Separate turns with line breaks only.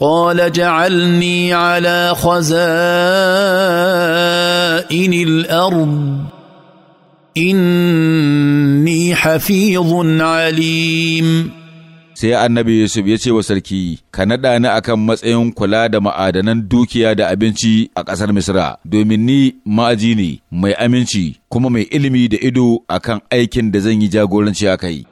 قال جعلني على خزائن الارض inni hafizun alim
sai annabi yusuf ya ce wa sarki ka naɗa ni akan matsayin kula da ma'adanan dukiya da abinci a ƙasar misra domin ni
ma'aji ne mai aminci kuma mai ilimi da ido akan aikin da zan yi jagoranci a kai